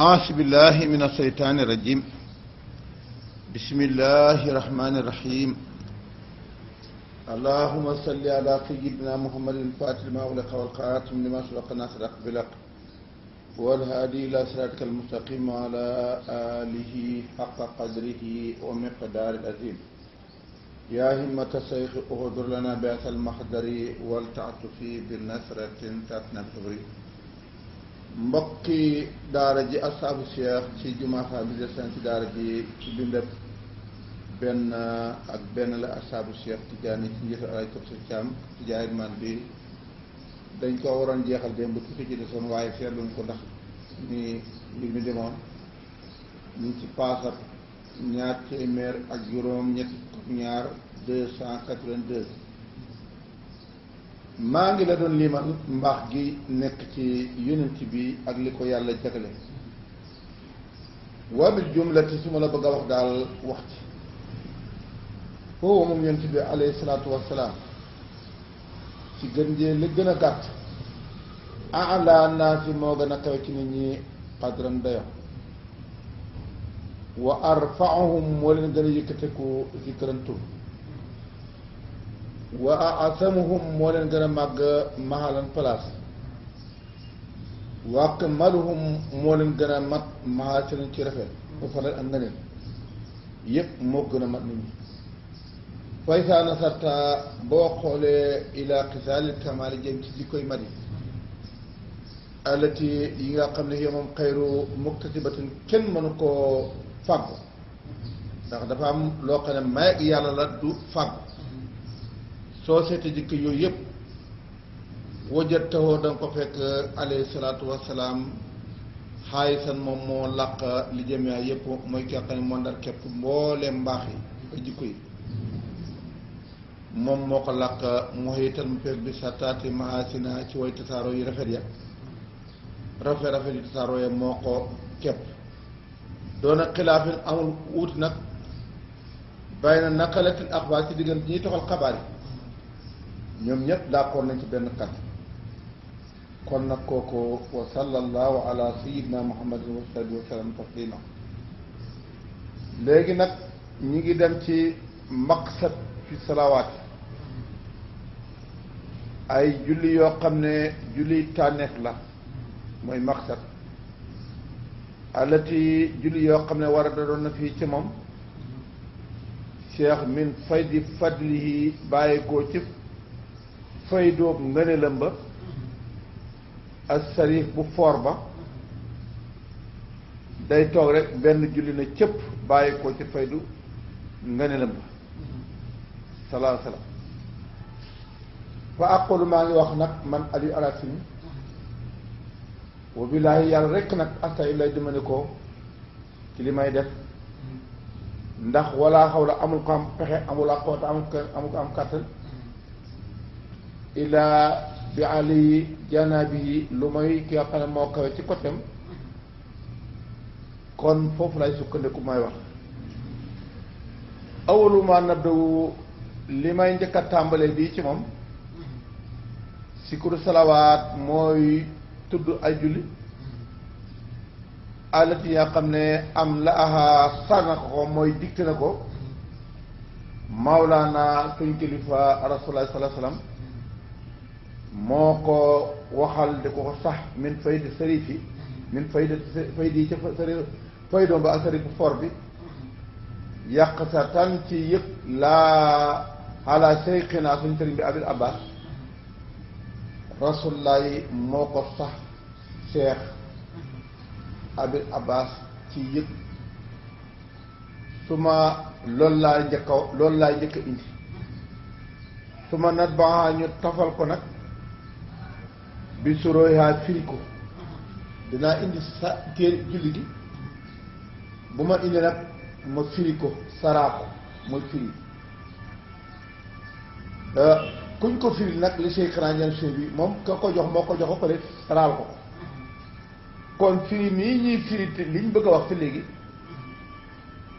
أعوذ بالله من الشيطان الرجيم بسم الله الرحمن الرحيم اللهم صل على سيدنا محمد الفاتح لما أغلق والقاتم لما سبق ناصر أقبلك والهادي إلى صراطك المستقيم وعلى آله حق قدره ومقدار العظيم يا همة الشيخ اهدر لنا بعث المحضر والتعطفي بالنصرة تتنبري mbokki daara ji asaabu cheikh ci juma famille sen ci daara ji ci bindab benn ak benn la asaabu cheikh tijaani ci njiitu alaj kob sa caam ci jaayit man bi dañ ko waroon jeexal démb tuuti ci desoon waaye seetluñ ko ndax ni mbir mi ñu ngi ci paasab ñaar téeméer ak juróom ñetti ñaar maa ngi la doon limal mbaax gi nekk ci yonent bi ak li ko yàlla jagle wabil jumlati su ma la bëgg a wax daal wax ci foofu moom yonent bi alayhi salaatu wassalaam ci gën jee li gën a gàtt ala naa fi moo gën a kawe ci nit ñi qadran dayo wa arfaahum moo leen gën a yëkkateku zikran tur waa asamuhum moo leen gën a màgg mahalan place wa akmaluhum moo leen gën a mat mahal ci lañ ci rafet bu faral ak ngëneel yépp moo gën a mat nit ñi faysa nasarta boo xoolee ila xisaali kamaali jëm ci jikkoy mari alati yi nga xam ne yow moom xayru muktasibatin kenn mënu koo fàggu ndax dafa am loo xam ne may yàlla la du fàggu soo seeti jikko yooyu yëpp wajat taxoo da nga ko fekk alayhi salaatu wasalaam xaayisan moom moo làq li jamea yëpp mooy ki xam ne moo ndar képp mbooleem mbaax yi ak jikko yi moom moo ko làq muhitan mu fekk bi sa taati mahasina ci way tasaaroo yi rafet ya rafet rafet yi tasaaroo ya moo ko képp doona xilaafin amul wuuti nag bàyyi na naka nakalatin axbaar ci diggante ñiy toxal xabaar yi ñoom ñëpp d'accord nañ ci benn kàddu kon nag kooku wa sallallahu ala sayyidina muhammadin wa sahbihi wa léegi nag ñu ngi dem ci maqsad fi salawaat ay julli yoo xam ne julli tànneef la mooy maqsad alati julli yoo xam ne war a doon na fii ci moom cheikh min faydi fadlihi bàyyi koo ci fay dóob ngëneelam ba ak sarif bu foor ba day toog rek benn julli na cëpp bàyyi ko ci faydu ngëneelam ba salaa salaam fa àqulu maa ngi wax nag man Aliou Alassane wa billaahi yàlla rekk nag astay lay dima ne koo ci li may def ndax wala xaw la amul ko am pexe amul ak xoota amul ko am kàttan ilaa bi ali janaabi lu may ki nga xam ne moo kawe ci côté kon foofu lay sukkandiku may wax awalu ma nabdawu li may njëkk tàmbalee bii ci moom sikuru salawaat mooy tudd ay julli alati yi xam ne am la aha sar na ko mooy dikte na ko maolaana suñ kilifa rasulullah sallallahu moo ko waxal di ko sax min fayda sërif yi min fayda fayda yi ca sëri ba ak sërif bu for bi yàq sa tan ci yëg laa ala seyxinaa suñ sëriñ bi abil abbas rasululaayi moo ko sax cheikh abil abbas ci yëg su ma loolu laa njëkkaw loolu laa indi suma ma nat ba ñu tafal ko nag bi surooyaa firi ko dinaa indi sa téere julli gi bu ma indi nag ma firi ko saraa ko mooy firi euh, kuñ ko firi nag li Cheikh Randiane Sow bi moom ka ko jox moo ko jox ba pare saraal ko kon firi nii ñuy firi te liñ bëgg a wax fi léegi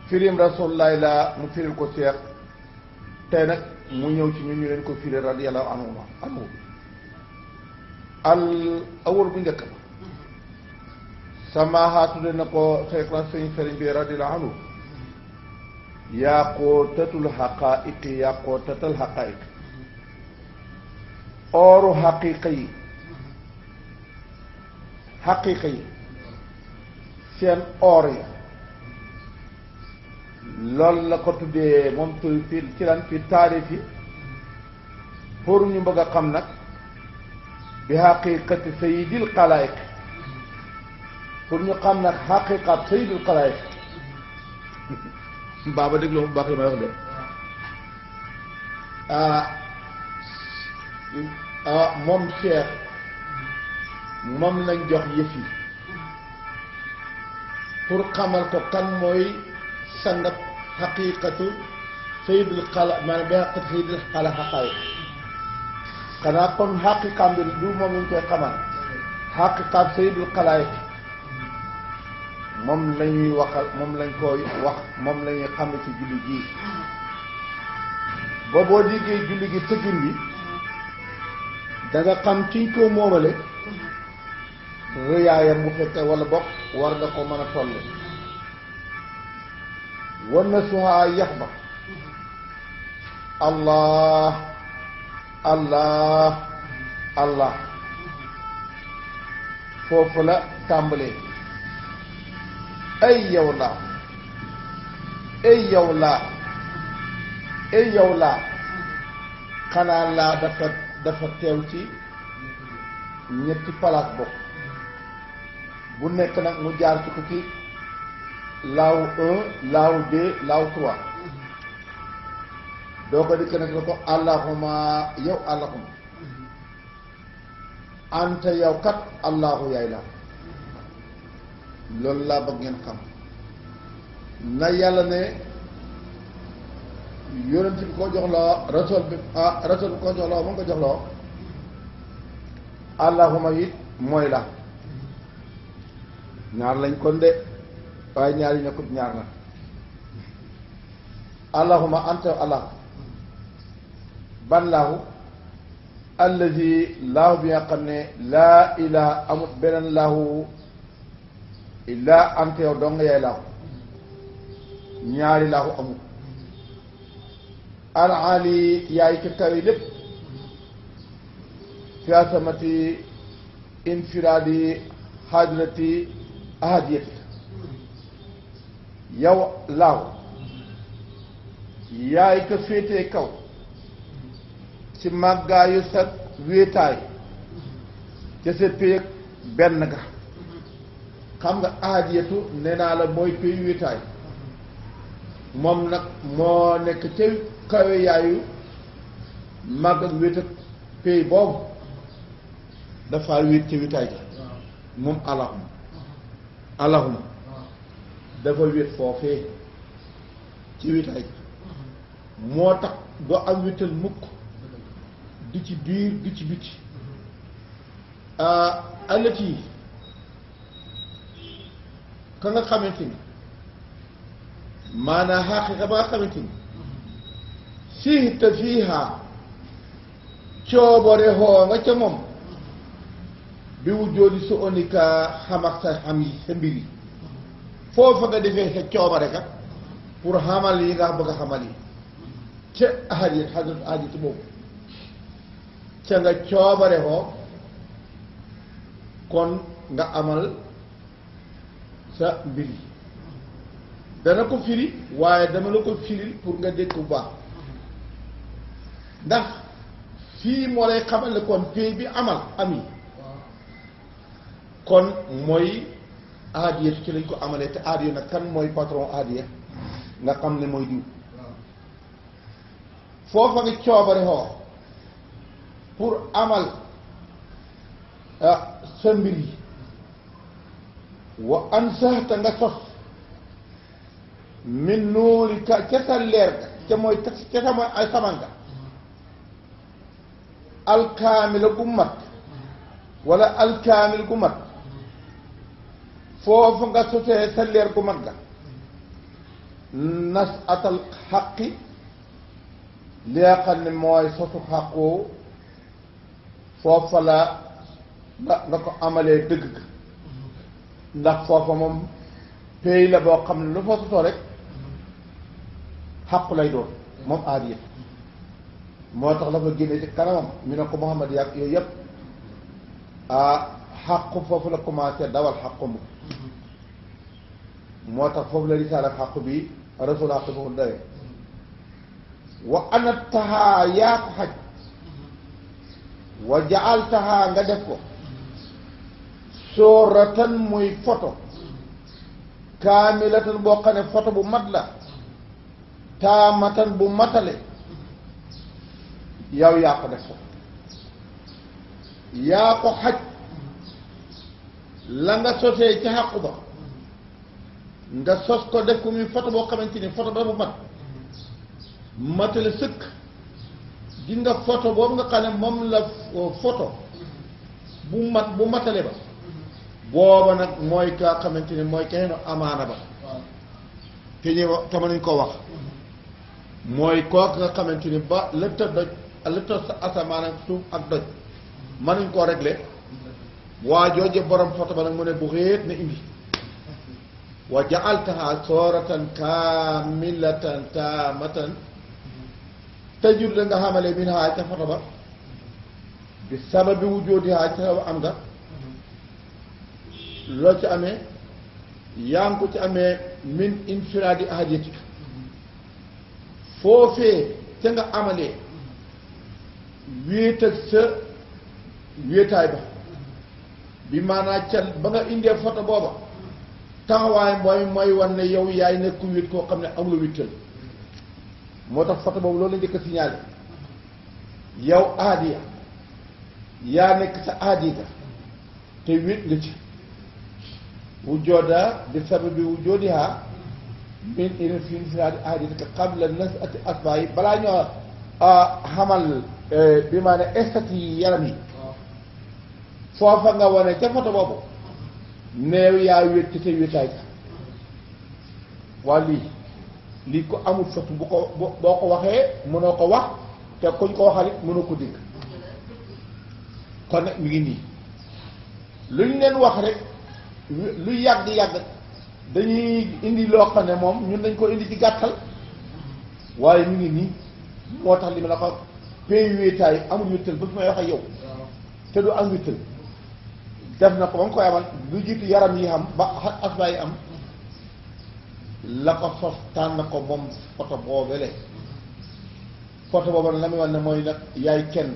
firim rasulilah laa mu firil ko Cheikh tey nag mu ñëw ci ñun ñu leen ko firi radiyallahu anhu anhu al awal bu njëkk ba samaha tudde na ko seexlan sëñ sëriñ bi radiyallahu anhu yaqootatul xaqaiqi yaqootatal xaqaiq ooru xaqiqa yi xaqiqa yi seen oor ya loolu la ko tuddee moom tu fi fi taarif yi ñu bëgg a xam nag bi xaqiqati sayidil xalaayik pour ñu xam nag xaqiqat sayidil xalaayik baaba déglu ma bu baax li may wax de ah ah moom Cheikh moom lañ jox yëf yi pour xamal ko kan mooy sangab xaqiqatu sayidil xala maanaam bi xaqiqati sayidil xala xaqaayik xanaa kon xaqiqa mbir du moom lañ koy xamal xaqiqa sayyidul xalaayik moom la ñuy moom lañ koy wax moom la ñuy ci julli ji ba boo julli gi tëggin bi da nga xam kiñ koo moomale rëyaayam mu fekkee wala bokk war na ko mën a tolle war na suhaa yax ba allah allah allah foofu la tàmbalee ay yow laa ay yow laa ay yow laa xanaa laa dafa dafa teew ci ñetti palaas bokk bu nekk nag mu jaar ci tukki laaw un laaw deux laaw trois doo ko dikk nag ne ko allahuma yow allahuma anta yow kat allahu yaay la loolu laa bëgg ngeen xam na yàlla ne yonent bi ko jox loo rasul bi ah ko jox loo moom ko jox loo allahuma it mooy la ñaar lañ kon de waaye ñaar yi nekkut ñaar la allahuma anta allah ban laahu allazi laahu bi nga xam ne laa ilaa amut beneen laahu illaa ante yow dong yaay laahu amut alaali yaay ci kaw yi lépp fi asamati infiraadi xaadirati ahadiyati yow laahu kaw ci màggaayu sa wéetaay ca sa péeg benn ga xam nga aajiyatu nee naa la mooy péeg wéetaay moom nag moo nekk ca kawe yaayu màgg ak wéet ak péeg boobu dafa wéet ca wéetaay ga moom allahuma allahuma dafa wéet foofee ci wéetaay ga moo tax doo am wéetal mukk du ci biir du ci biti euh, allati ka nga xamante ni maanaam xaqiqa ba nga xamante ni sihta fiiha coobare xoo nga ca moom bi wujjoodi su onika xam sa xam yi sa mbir yi foofa nga defee sa coobare kat pour xamal yi nga bëgg xamal yi ca ahadit xadrat boobu ca nga coobare ko kon nga amal sa mbir yi dana ko firi waaye dama la ko firil pour nga dégg bu baax ndax fii moo lay xamal ne kon pay bi amal ami kon mooy aadiya ci lañ ko amalee te aadiya nag kan mooy patron aadiya nga xam ne mooy diw foofa nga coobare xoo pour amal ah, sa wa an nga sos min nuuri ka ca sa ga ca mooy ca sa mooy ay samanga alkaamila mat wala alkaamil gu mat foofu nga sotee sa leer mat ga nas atal xaqi li nga xam mooy sosu xaqoo foofa la la la ko amalee dëgg ndax foofa moom pays la boo xam ne lu fa sotoo rek xàqu lay doon moom aad moo tax la fa génne ci kanamam ñu ne ko Muhammad yàgg yooyu yëpp ah xàqu foofu commencé dawal xàqu mu moo tax foofu la risaala ak bi rasul xàqu bi mu dawee wa ana taxaa yaa wa jaaltaha nga def ko sooratan muy photo kaamilatan boo xam ne photo bu mat la taamatan bu matale yow yaa ko def ko yaa xaj la nga sosee ci xàqu ba nga sos ko def ko muy photo boo xamante ni photo ba bu mat matale sëkk di nga photo boobu nga xam ne moom la photo bu mat bu matale ba booba nag mooy kaa xamante ne mooy keneen amaana ba te ñu tama nañ ko wax mooy kooku nga xamante ba lëtta doj lëtta sa asamaan ak suuf ak doj mën nañ koo régler waa jooje borom photo ba nag mu ne bu xéet na indi wa jaaltaha sooratan kaamilatan taamatan tajur da nga xamale min haa ca photo ba bi sababi wujudihaa ci sabab am nga loo ci amee yaa ngi ko ci amee min infiraadi ahadiyatik foofee ca nga amalee wéet ak sa wéetaay ba bi maanaa ca ba nga indee photo booba taxawaay mooy mooy wan ne yow yaay nekku wéet koo xam ne amula wéttal moo tax photo boobu loolu la njëkk a signalé yow yaa nekk sa aadida te wéet nga ci wujooda bi sababi wujoodiha min ina fi nsilaadi aadida ka qabla nasati asbaa yi balaa ñoo xamal e, bi maa ne yi yaram yi foofa nga wane ca foto boobu neew yaa wéet te wéetaay ka waa lii lii ko amul fotu bu ko boo ko waxee mënoo ko wax te kuñ ko waxal it mënoo ko dikk kon nag mi ngi nii lu ñu leen wax rek lu yàgg yàgg dañuy indi loo xam ne moom ñun dañ ko indi ci gàttal waaye mi ngi nii moo tax li ma la ko pays wéetaay amul wéttal ba fi may wax ak yow te du am wéttal def na ko ba mu koy amal lu jiitu yaram yi xam ba asbaa yi am la ko sos tànn ko moom poto boobele poto boobu la muy wax ne mooy nag yaay kenn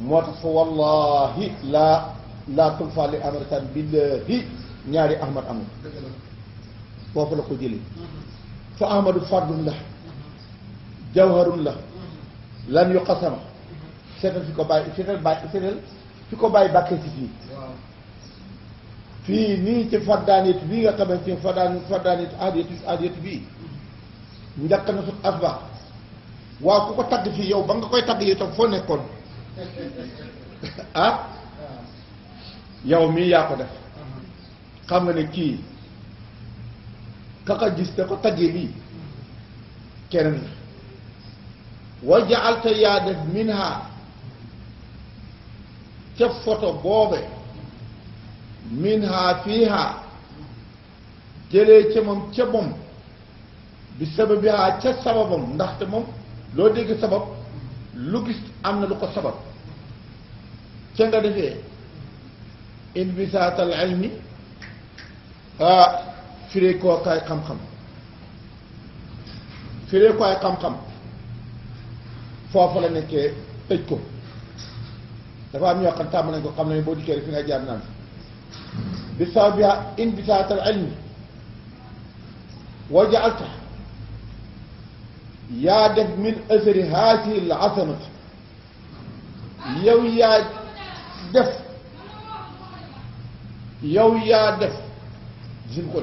moo tax wallahi laa laa li amarkan billahi ñaari ahmad amul foofu la ko jëlee fa ahmadu fardun la jawharun la lan yu xasama seetal fi ko bàyyi seetal fi ko bàyyi bàkkee si fii fii nii ci fardaanit bii nga xamante ne fardaan fardaanit aadiyatu aadiyatu ko tagg fii yow ba koy tagg yow nekkoon ah yow mii yaa ko def xam nga ne kii kaka gis te ko taggee lii keneen la wa jaalta yaa def minha ca photo boobe minha fiiha jëlee ca moom ca moom bi sababiha ca sababam ndaxte moom loo dégg sabab lu gis am na lu ko sabab ca nga defee inbisaatal ilmi ah fireekookaay xam-xam fireekookaay xam-xam foofu la nekkee tëj ko dafa am ñoo xam tàmm nañ ko xam ne boo dikkee rek fi nga jaar naan bi saw bi inbisaatal ilmi wa jaalta yaa def min asari haasi l asanat yow yaa def yow yaa def gis ko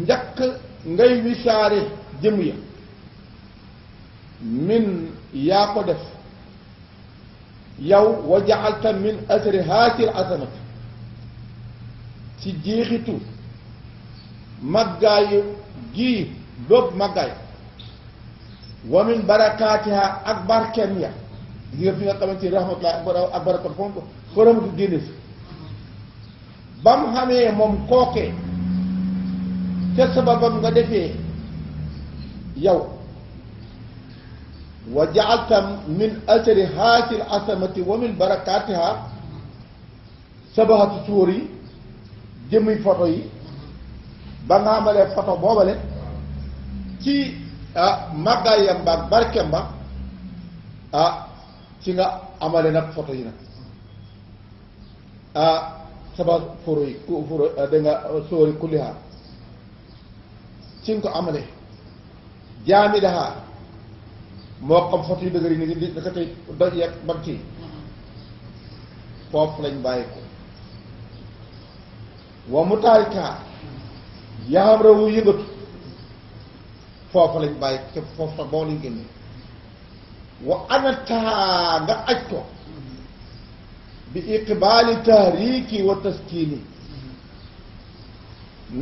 njëkk ngay wisaare jëm ya min yaa ko def yow wa jacalta min asri haati l asamati ci jeexitu màggaayu gii boobu màggaay wa min barakaatiha ak barkeem ya yëpp ñi nga xamante ni rahmatullah ak barakat fonk ko foram ko génne si ba mu xamee moom kookee ca sababam nga defee yow wa jaalta min asari haatil asamati wa min barakaatiha sabahatu suur yi jëmmi yi ba nga xamalee photo boobale ci ah màggaayam ba ak ci nga amale nag photo yi nag ah saba foro yi ku foro ah, ah, ci nga ko amale jaami daxaa moo xam photo yu dëgër yi ni di daka tey doj yeeg bag ci foofu lañ bàyyi ko wa mu taarikaa yaxam rew mu yëngatu foofu lañ bàyyi foofu sax boo lañ génne wa anataha nga aj ko bi iqbaali tahriki wa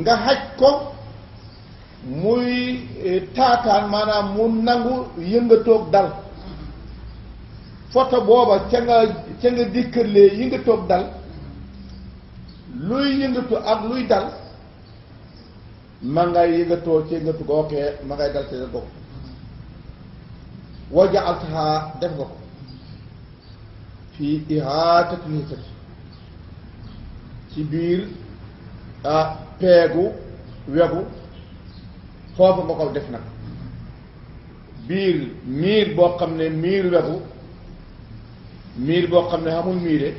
nga xaj ko muy e, taataan maanaam mu nangu yëngatoog dal foto booba ca nga ca nga dikkërlee yëngatoog dal luy yëngatu ak luy dal ma ngay yëngatoo ci yëngatu gookee ma ngay dal ci da wa jaaltaha def nga ko fii ihaatati nisati ci biir peegu wegu foofu nga ko def nag biir miir boo xam ne miir wegu miir boo xam ne xamul miire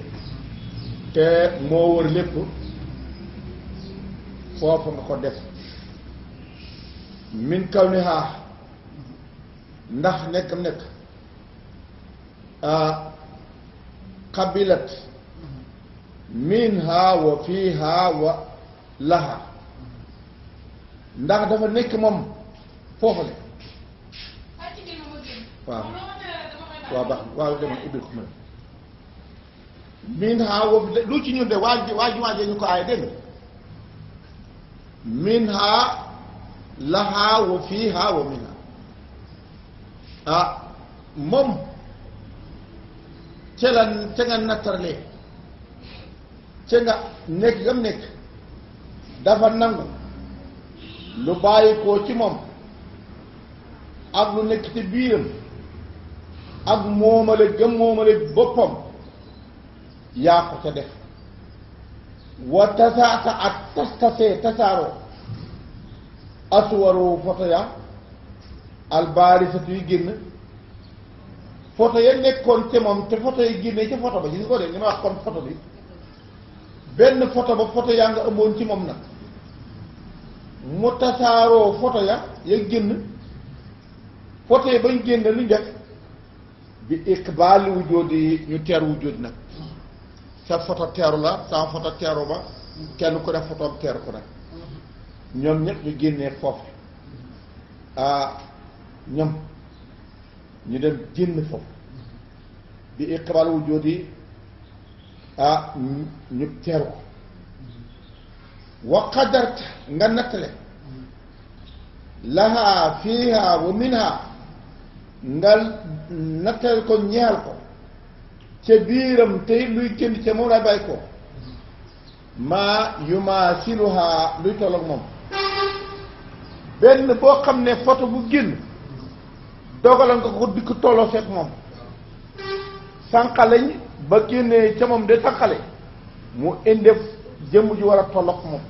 te moo wër lépp foofu nga ko def min kaw ni xaa ndax nekkam nekk qabilat minha wa fiha wa laha ndax dafa nekk moom foofale waaw waaw baax waaw dama ubbi ko mën minha wa lu ci ñun de waaj waaj waajee ñu ko aay dégg minha laha wa fiha wa minha ah moom ca la ca nga nattarlee ca nga nekk gam nekk dafa nangu lu bàyyi koo ci moom ak lu nekk ci biiram ak moomale gëm moomale boppam yaa ko ca def wa tasaata ak tas tasee tasaaroo aswaroo foto ya albaarisatu yi génn photo ya nekkoon ca moom te photo yi génnee ca photo ba gis nga ko de li ma wax kon photo bi benn photo ba photo yaa nga amoon ci moom nag mu tasaaroo photo ya ya génn photo ya bañ génn lu njëkk bi iqbaal wujjóodi ñu teer wujjóodi nag sa photo teeru la sa photo teeru ba kenn ku def photo teeru ko nag ñoom ñëpp ñu génnee foofu ah, ñam ñu dem génn foofu bi iqbaal wujudi ah ñu teeru ko wa qadart nga nattale lahaa fiiha wa minha nga nattale ko ñeel ko ca biiram tey luy génn ca moom lay ko maa yumaasiluha luy tolloog moom benn boo xam ne photo bu génn dogalal nga ko dikk tolloo fekk moom sànqaleñ ba génnee ca moom de sànqale mu indeef jëmm ji war a tolloog moom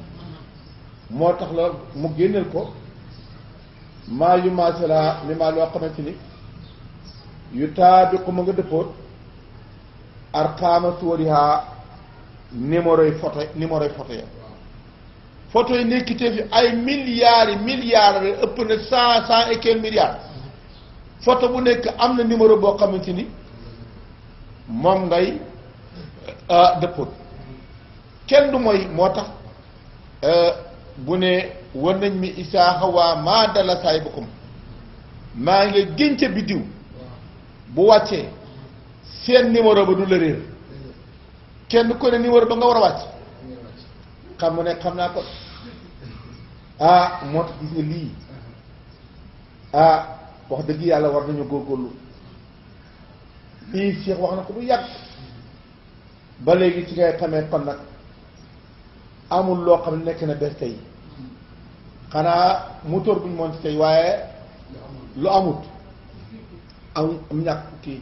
moo tax la mu génneel ko maa yu maasela li maa loo xamante ni yu ko ma nga dëppoot arkaana tuwariha numéro yi photo numéro yi photo ya photo yi nekkitee fi ay milliards yi milliards ëpp na cent cent et photo bu nekk am na numéro boo xamante ni moom ngay euh, euh, dëppoon kenn du mooy moo tax euh, bu ne war nañ mi isaaxa waa maa dala saay maa ngi génca biddiw bu wàccee seen numéro ba du la réer kenn ku ne numéro ba nga war a wàcc xam ne xam naa ko ah moo tax gis nga lii ah wax dëgg yàlla war nañu góorgóorlu lii Cheikh wax na ko bu yàgg ba léegi ci ngay xamee kon nag amul loo xam nekk na bés tey xanaa moteur bu ñu moon ci tey waaye lu amut am am ñàkk kii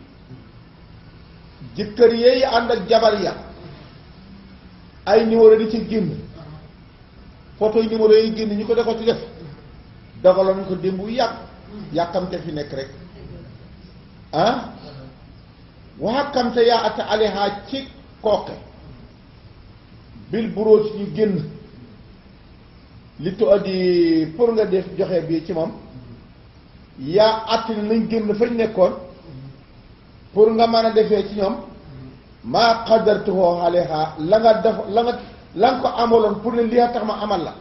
jëkkër yeey ànd ak jabar ya ay numéro di ci génn photo yi numéro yi génn ñu ko de ko ci def dagaloon ko démb bu yàgg yàkkamte fi nekk rek ah waxakkamte yaa ata aliha ci kooke bil buróot ñu génn li tu addi pour nga def joxe bii ci moom yaa attini nañ génn fañ nekkoon pour nga mën a defee ci ñoom maa xadartuhoo aliha la nga def la nga la nga ko amaloon pour ne lii a tax ma amal la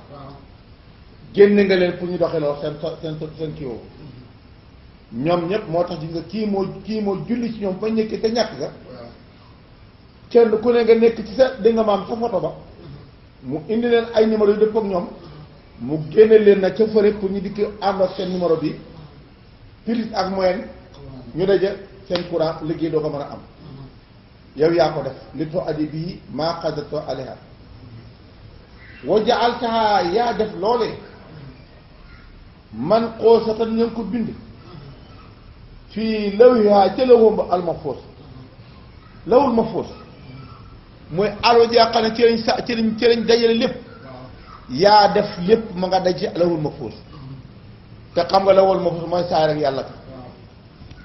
génn nga leen pour ñu doxe doxeloo seen seen seen kiiwoo ñoom ñëpp moo tax gis nga kii moo kii moo julli ci ñoom ba ñëkk te ñàkk ga kenn ku ne nga nekk ci sa dégg nga maam sa photo ba mu indi leen ay numéro yu dëpp ak ñoom mu génne leen na ca fële pour ñu dikk ànd seen numéro bi plus ak moyenne ñu daje seen courant liggéey doo ko mën a am yow yaa ko def li too aji bii maa xadatoo aleha wa jaal taha yaa def loolee man qoosatan ña ngi ko bind fi lawhiha ca lawhum ba almafos lawul mafos mooy alo ji xam ne ci lañ sa ci lañ ci lañ dajale lépp ya def lépp ma nga daj lawul mafos te xam nga lawul mafos mooy saay rek yalla ka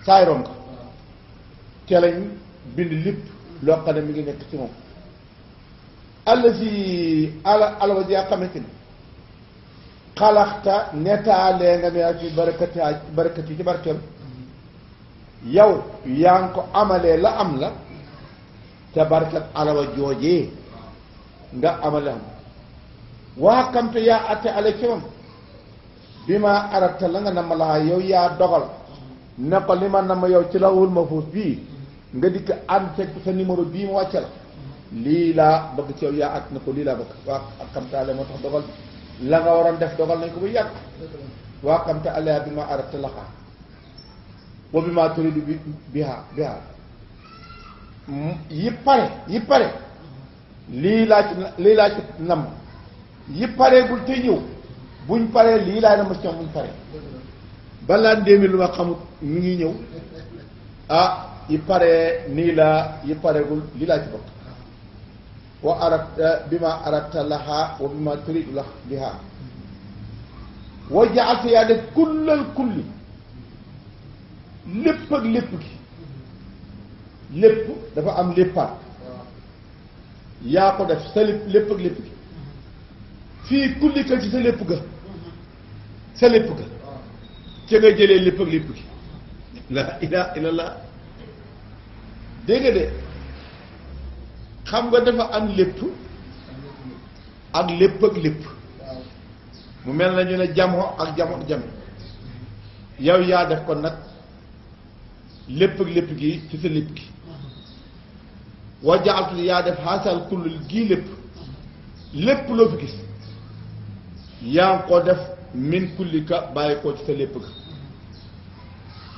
saay ron ka ca lañ bind lépp loo xam mi ngi nekk ci moom àll si ala alwa ji xamante ni xalaxta nettaalee nga ne ak barakati barakati ci barkeem yow yaa ngi ko amalee la am la te barkat alawa joojee nga amale am waa kamte yaa atte ale ci moom bi maa arata la nga nama laa yow yaa dogal ne ko li ma yow ci lawul ma fuus bii nga dikk ànd sa numéro bii mu wàcce la lii laa bëgg ci yaa att na ko lii laa bëgg waa kamte ale moo tax dogal la nga waroon def dogal nañ ko bu yàgg waaxamte alaya bi ma arata laxaa wa bi ma turidu bi biha biha yi pare yi pare lii laa ci lii laa ci nam yi pareegul te ñëw buñ paree lii laay na ma ci am buñ paree balaa ndéemi lu ma xamut mi ngi ñëw ah yi paree nii laa yi pareegul lii laa ci bokk wa arabta bima arabta laha wa bima turidu la biha wa jaal te yaa def kullal kulli lépp ak lépp gi lépp dafa am léppaat yaa ko def sa lépp lépp ak lépp gi fii kulli ka ci sa lépp ga sa lépp ga ca nga jëlee lépp ak lépp gi la ilaha illallah dégg nga de xam nga dafa am lépp ak lépp ak lépp mu mel na ñu ne jamo ak jamo ak jamo yow yaa def kon nag lépp ak lépp gi ci sa lépp gi wajaaltu yaa def xaasal kullul gii lépp lépp loo fi gis yaa ngi ko def min kulli ka bàyyi ko ci sa lépp ga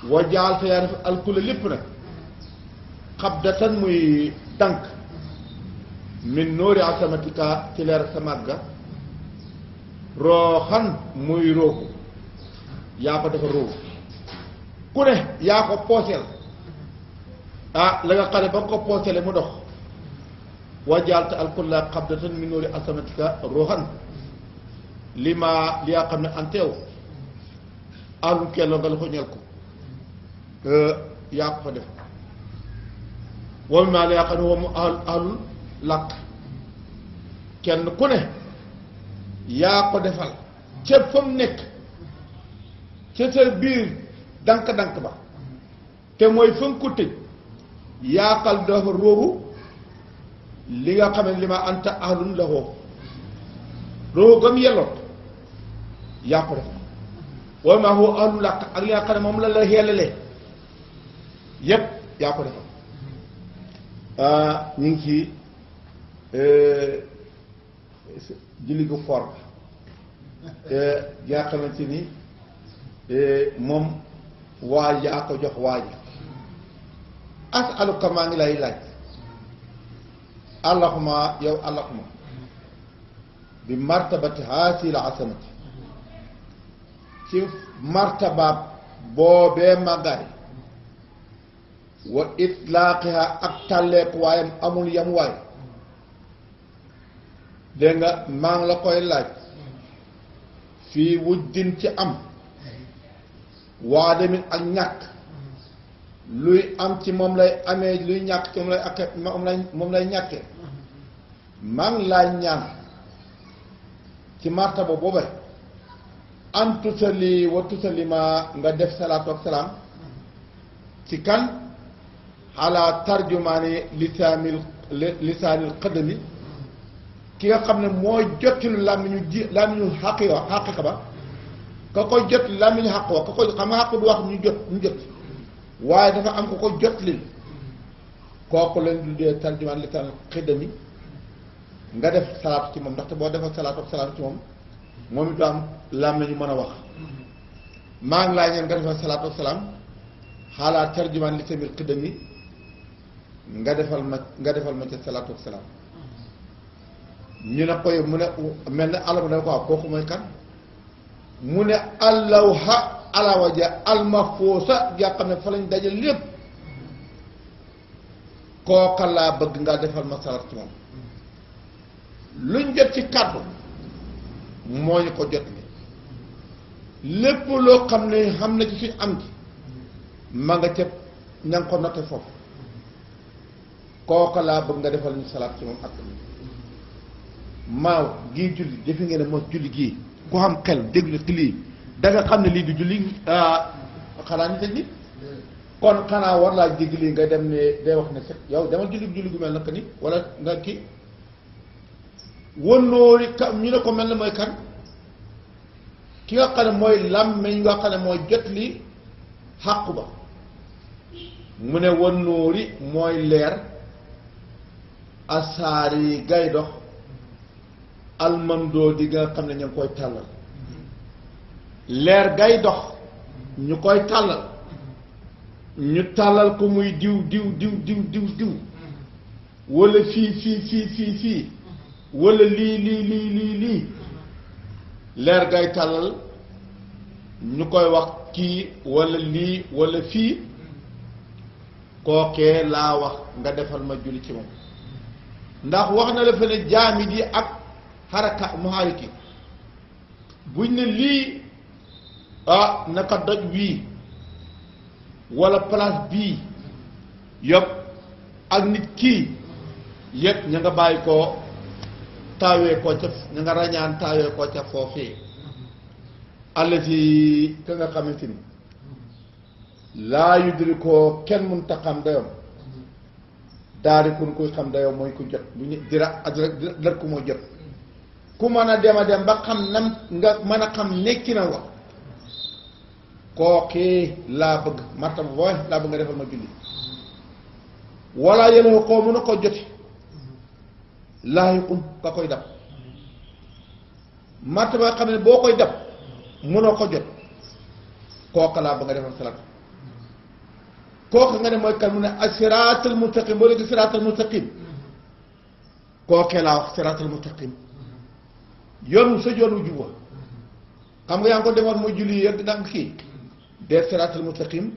wajaalta yaa def alkula lépp nag xabdatan muy tànk min nóori asamatika ci leer sa màgga rooxan muy rooku yaa ko dafa roof ku ne yaa ko pooseel ah la nga xam ne ba nga ko pooseele mu dox wajalta alkulla xabdatan min nóori asamatika rooxan li ma li yaa xam ne anteew alum kelloo nga la ko ñel ko eh, yaa ko fa def wa mi maa la yaa xam ne wa mu ahlul làkk kenn ku ne yaa ko defal ca fa mu nekk ca sa biir dank-dank ba te mooy fa nga ko tëj yaaqal dafa roobu li nga xam ne li ma anta ahlun la woo roobu gam yelloot yaa ko defal wa maa huwa làkk ak li nga xam ne moom la la xeelalee yépp yaa ko defal ah, ñu ngi ci julli gu for gi nga xamante ni moom waaj a ko jox waaj as aluka maa ngi lay laaj allahuma yow allahuma bi martabati haasi la asanati ci martabaab boobee màggaay wa itlaaqiha ak tàlleeku waayam amul yam waay dégg nga maa la koy laaj fii wujjin ci am waa demit ak ñàkk luy am ci moom lay amee luy ñàkk ci moom lay ak moom lay moom ñàkkee maa ngi ñaan ci martaba booba an tusali wa tusalima nga def salaatu ak salaam ci kan xalaa tarjumaani lisaanil lisaanil xadami ki nga xam ne mooy jottali làmmiñu ji làmmiñu xàq yo xàq ba ka koy jot làmmiñu xàq wa ka koy xam nga xàq du wax ñu jot ñu jot waaye dafa am ko ko jotlil kooku lañ dundee tarjumaan li tan xidami nga def salaatu ci moom ndaxte boo defal salaatu ak salaatu ci moom moom itam mën a wax ngi laa nga defal salaatu ak salaam xaalaat tarjumaan li tamit xidami nga defal ma nga defal ma ca salaatu ak salaam ñu ne koy mu ne mel ne alaw na ko kooku mooy kan mu ne allawha alawa ja almafuusa ja ne fa lañ daje lépp kooka laa bëgg nga defal ma salat ci moom luñ jot ci kàddu moo ñu ko jot ni lépp loo xam ne xam na ci suñ am ji ma nga ca ña ngi ko noté foofu kooka laa bëgg nga defal ñu salat ci moom ak maaw gii julli defe ngeen ne moo julli gii ku xam xel déglu lii da xam ne lii du julli ah, xanaa ñu tëj ni kon xanaa war laa dégg lii nga dem ne day wax ne set yow demal julli julli gu mel naka ni wala nga kii wëndoori ka ñu ne ko mel ne mooy kan ki nga xam ne mooy làmmiñ nga xam ne mooy jot li xàqu ba mu ne wëndoori mooy leer asaar yi gay dox almamdoo di nga xam ne ñu ngi koy tàllal leer gay dox ñu koy tàllal ñu tàllal ko muy diw diw diw diw diw diw wala fii fii fii fii fii wala lii lii lii lii lii leer gay ñu koy wax kii wala lii wala fii kookee laa wax nga defal ma julli ci moom ndax wax na la fa ne jaami ak xaraka muhariki buñ ne lii ah naka doj wii wala place bii yëpp ak nit kii yëpp ña nga bàyyi koo taawee koo ca ña nga ràññaan taawee koo ca foofee allazi ka nga xamante ni laa yudrikoo kenn mun ta xam dayom daari kun kuy xam dayom mooy ku jot bu ñu dira adra dara ku moo jot ku mën a dem a dem ba xam nam nga mën a xam nekki na wax kookee laa bëgg martaba booy laa bëgg nga defal ma julli walla yeneen koo mën a ko joti laayikum ka koy dab martaba nga xam ne boo koy dab mënoo ko jot kooka laa bëgg nga defal salaat kooka nga ne mooy kan mu ne ak siraatal mustaqim boo léegi siraatal mustaqim kookee laa wax siraatal mustaqim yoonu sa yoonu juba xam nga yaa ngi ko demoon mooy julli yëpp dina am kii def siraatal mustaqim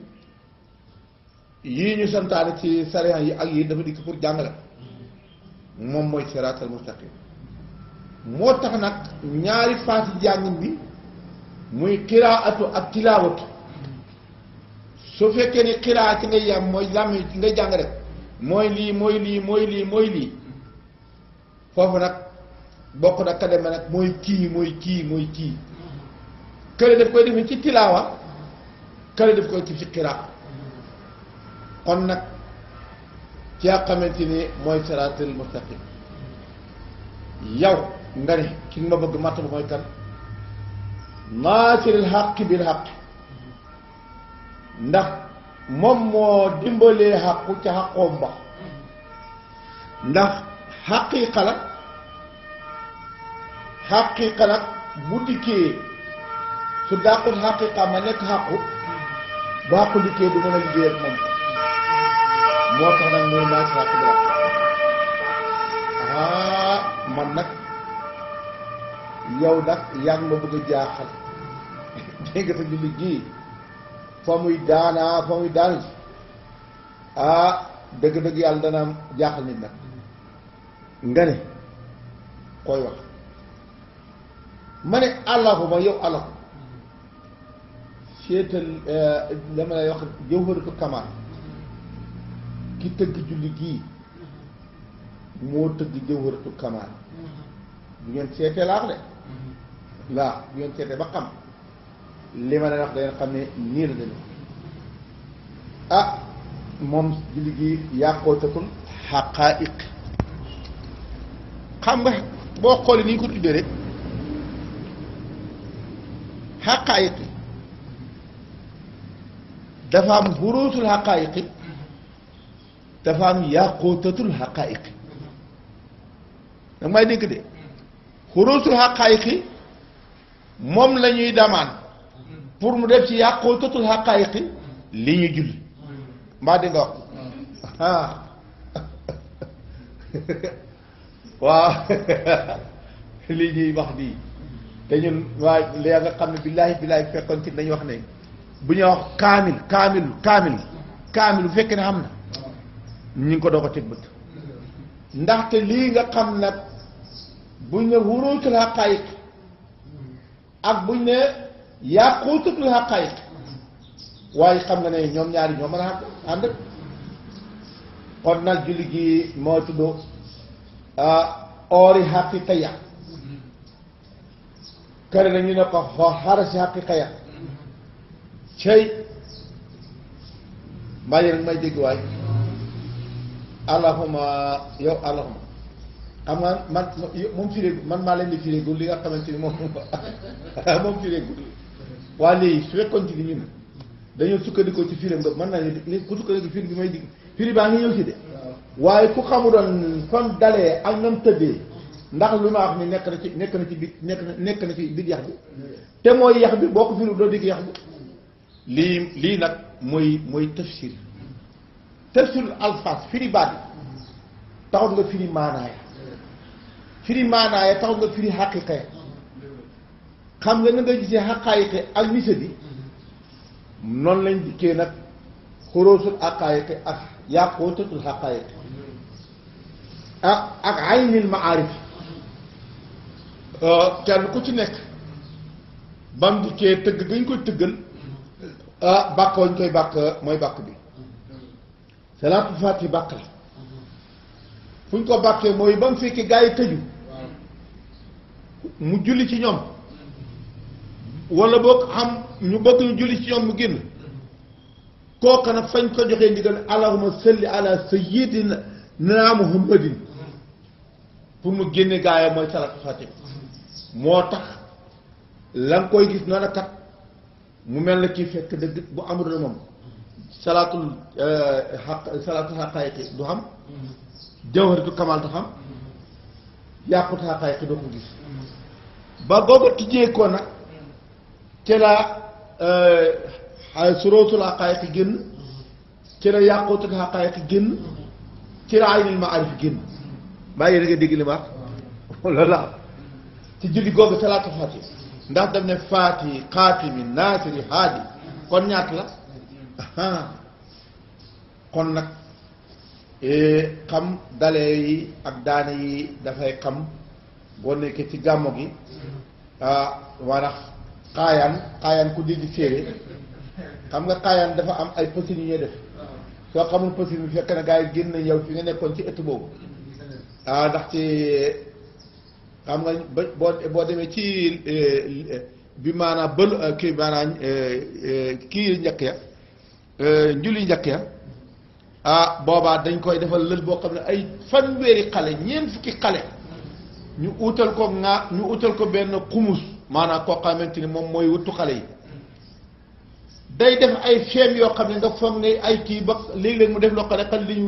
ñu santaane ci sariya yi ak yi dafa dikk pour jàngale moom mooy siraatal mustaqim moo tax nag ñaari faasi jàngin bi muy xiraatu ak tilaawatu su fekkee ni xiraa ci ngay yam mooy làmmiñ ci ngay jàng rek mooy lii mooy lii mooy lii mooy lii foofu nag bokk nag ka deme nag mooy kii mooy kii mooy kii kële daf koy defee ci tilaawa kële daf koy ci qiraa kon nag ci yaa xamante ni mooy siraatal mustaqim yow nga ne ki nga ma bëgg matt ba mooy ndax moom moo dimbalee xàqu ca xàqoom ba ndax xàqiiqa la xaqiqa nag bu dikkee su dàqul xaqiqa ma nekk xàqu bu xàqu dikkee du mën a liggéey ak moo tax nag muy naaj xàq man nag yow nag yaa ngi ma bëgg a jaaxal dégg fa muy daana fa muy daan ah dëgg-dëgg yàlla dana jaaxal nit nag nga ne koy wax ma ne àllahuma yow àllahu seetal dama eh, lay wax jawharatu kamal ki tëgg julli gii moo tëgg jawharatu kamal bu ngeen seetee laax de waaw bu ngeen seetee ba xam li ma leen wax da ngeen xam ne nii la demee ah moom julli gi yàqootatul xaqaa'iq xam nga boo xoolee ni ñu ko tuddee rek xaqaayiqi dafa am buruutul xaqaayiqi dafa am yàqootatul xaqaayiqi may dégg de xuruusul xaqaayiqi moom lañuy ñuy damaan pour mu dem ci yàqootatul xaqaayiqi li ñu julli mbaa di nga wax waaw te ñun waa nga xam ne billaahi billaahi fekkoon ci dañuy wax ne bu ñuy wax kaamil kaamil kaamil kaamil bu fekkee ne am na ñu ngi ko doo ko teg bët ndaxte lii nga xam nag buñ ne wuruutul xaqaayiq ak buñ ne yàquutul xaqaayiq waaye xam nga ne ñoom ñaari ñoo mën a ànd kon nag julli gi moo tudd ah, oori xaqiiqa kare na ñu ne ko xaaral si xaqiqa ya cey mbaa yéen may dégg waay allahuma yow allahuma xam nga man moom firéegul man maa leen di firéegul li nga xamante ni moom moom firéegul waa léegi su fekkoon ci li ñun dañoo sukkandikoo ci firéem nga mën naa ne ku sukkandikoo bi may digg firi baa ngi ñëw si de waaye ku xamuloon fan dalee ak nam tëddee ndax lu ma wax ni nekk na ci nekk na ci bi nekk na nekk na ci digg yax bi te mooy yax bi boo ko firu doo digg yax bi lii lii nag mooy mooy tafsir tafsirul alfaas firi baat taxut nga firi maanaaya firi maanaaya taxut nga firi xaqiqa ya xam nga na nga gisee xaqaayiqe ak nise bi noonu lañ dikkee nag xuroosul xaqaayiqe ak yàqootatul xaqaayiqe ah ak aynil maarif Euh, kenn ku ci nekk bam dikkee tëgg gañ koy tëggal ah bàkk wañ koy bàkk mooy bàkk bi salaatul faati bàkk la fu ñu ko bàkkee mooy ba mu fekkee gaa yi tëju mu julli ci ñoom wala boo am ñu bëgg ñu julli ci ñoom mu génn kooka nag fañ ko joxee ndigal allahuma salli ala sayyidina muhammadin pour mu génne gaa yi mooy salaatul faati moo tax la nga koy gis noonu kat mu mel na kii fekk dëgg bu amul na moom salaatul euh, xaq salaatul xaqaayiqi du xam jawharatu kamal du xam yàqut xaqaayiqi doo ko gis ba booba tijjee ci la euh, surootul xaqaayiqi génn ci la yàqutul xaqaayiqi génn ci la aynil maarif génn maa ngi nga dégg li ma wax loolu ci julli googu salaatu fati ndax daf ne faati xaatimi naasiri haadi kon ñaat la kon nag e, xam dalee yi ak daane yi dafay xam boo nekkee ci gàmmu gi warax xaayaan xaayaan ku dégg séeré xam nga xaayaan dafa am ay pësin yu ñuy def soo xamul pësin bi fekk na gaa yi génn yow fi nga nekkoon ci ëtt boobu ndax ci xam nga boo boo demee ci eh, bi maanaam bël kii maanaam eh, eh, kii njëkk ya njuli njëkk ya ah boobaa dañ koy defal lël boo xam ne ay fanweeri xale ñeent fukki xale ñu utal ko ŋaa ñu utal ko benn xumus maanaa koo xamante ni moom mooy wutu xale yi day def ay feem yoo xam ne nga foog ne ay kii ba léeg-léeg mu def loo xam ne xel li ñu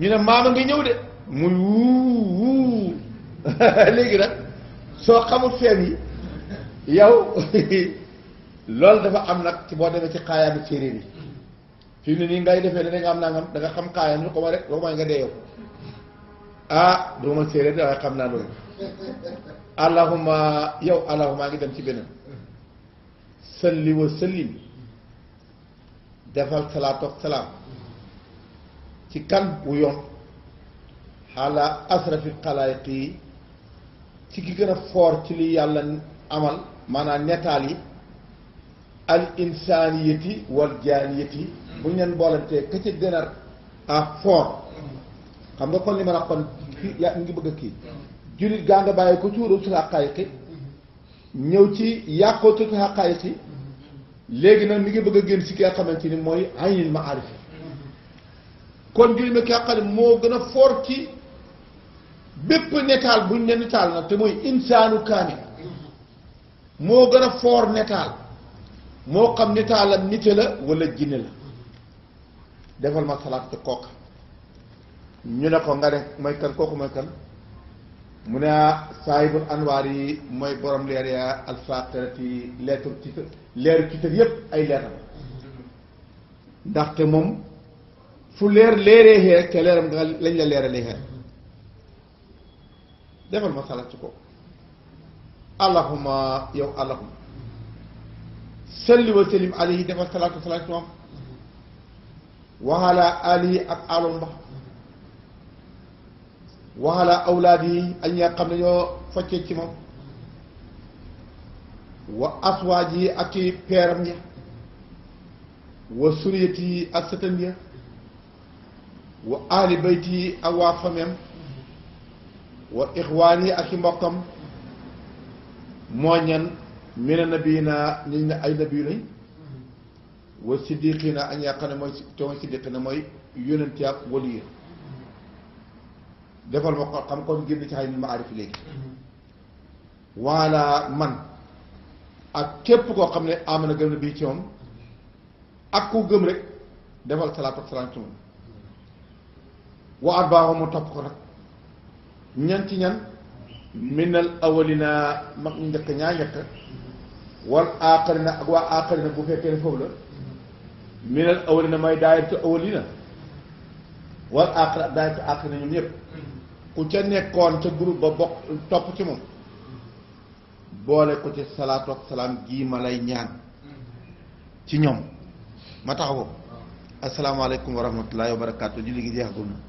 ñu ne maama nga ñëw de muy wuu léegi nag soo xamul feem yi yow loolu dafa am nag ci boo demee ci xaayaanu séeréer yi fii mu ne nii ngay defee danañ am nangam da nga xam xaayaan lu ko ma rek loo may nga dee yow ah du ma séeréer de xam naa loolu allahuma yow allahuma ngi dem ci beneen salli wa sallim defal salaatu ak ci kan wu yoon xaala asrafil xalaayiq yi ci ki gën a foor ci li yàlla amal maanaam netaal yi al insaniyati wal jaaniyati bu ñu leen boolantee ka ca gën a foor xam nga kon li ma ki kon yaa ngi bëgg a kii jullit gaa nga bàyyi ko ci wóorutu xaqaayiqi ñëw ci yàqootu xaqaayiqi léegi nag mi ngi bëgg a génn si ki nga xamante ni mooy aynil maarif kon jullit mi ki nga moo gën a foor ci bépp netaal buñ ne netaal nag te mooy insaanu kaamil moo gën a foor netaal moo xam netaalam nite la wala jinne la defal ma salaat ci kooka ñu ne ko nga ne mooy kan kooku mooy kan mu ne ah, saahibul anwaar yi mooy borom leer ya alfaqirati leetul titre leeru titre yépp ay leeram ndaxte moom fu leer leeree xeer ca leeram nga lañ la leeralee xeer defal ma salat ci kaw allahuma yow allahuma salli wa sallim alayhi defal salaatu salaat ci moom waxala alihi ak alom ba waxala awlaad yi ak ñi nga xam ne ñoo foccee ci moom wa aswaaj yi ak ci peeram ya wa suriyat ak sëtam ya wa ahli bayt yi ak waa fameem wa ixwaan yi ak i mbokkam moo ñan mina nabiyina ñu ne ay nabiyu lañ wa siddiqina ak ñaa xam ne mooy tooy na mooy yónent ak wali yi defal ma ko xam kon ci xay man ak képp koo xam ne amana gëm na ci moom ak ku gëm rek defal salaatu ak salaam ci moom wa at mu topp ko nag ñan ci ñan minal awalina mag ñu njëkk ñaa njëkk wal aaxarina ak waa aaxarina bu fekkee ne foofu la minal awalina may daayatu awalina wal aaxar ak daayatu aaxarina ñoom ñëpp ku ca nekkoon ca groupe ba bokk topp ci moom boole ko ci salaatu ak salaam gii ma lay ñaan ci ñoom ma taxaw ko asalaamaaleykum wa rahmatullahi wa barakaatu julli gi jeexagul na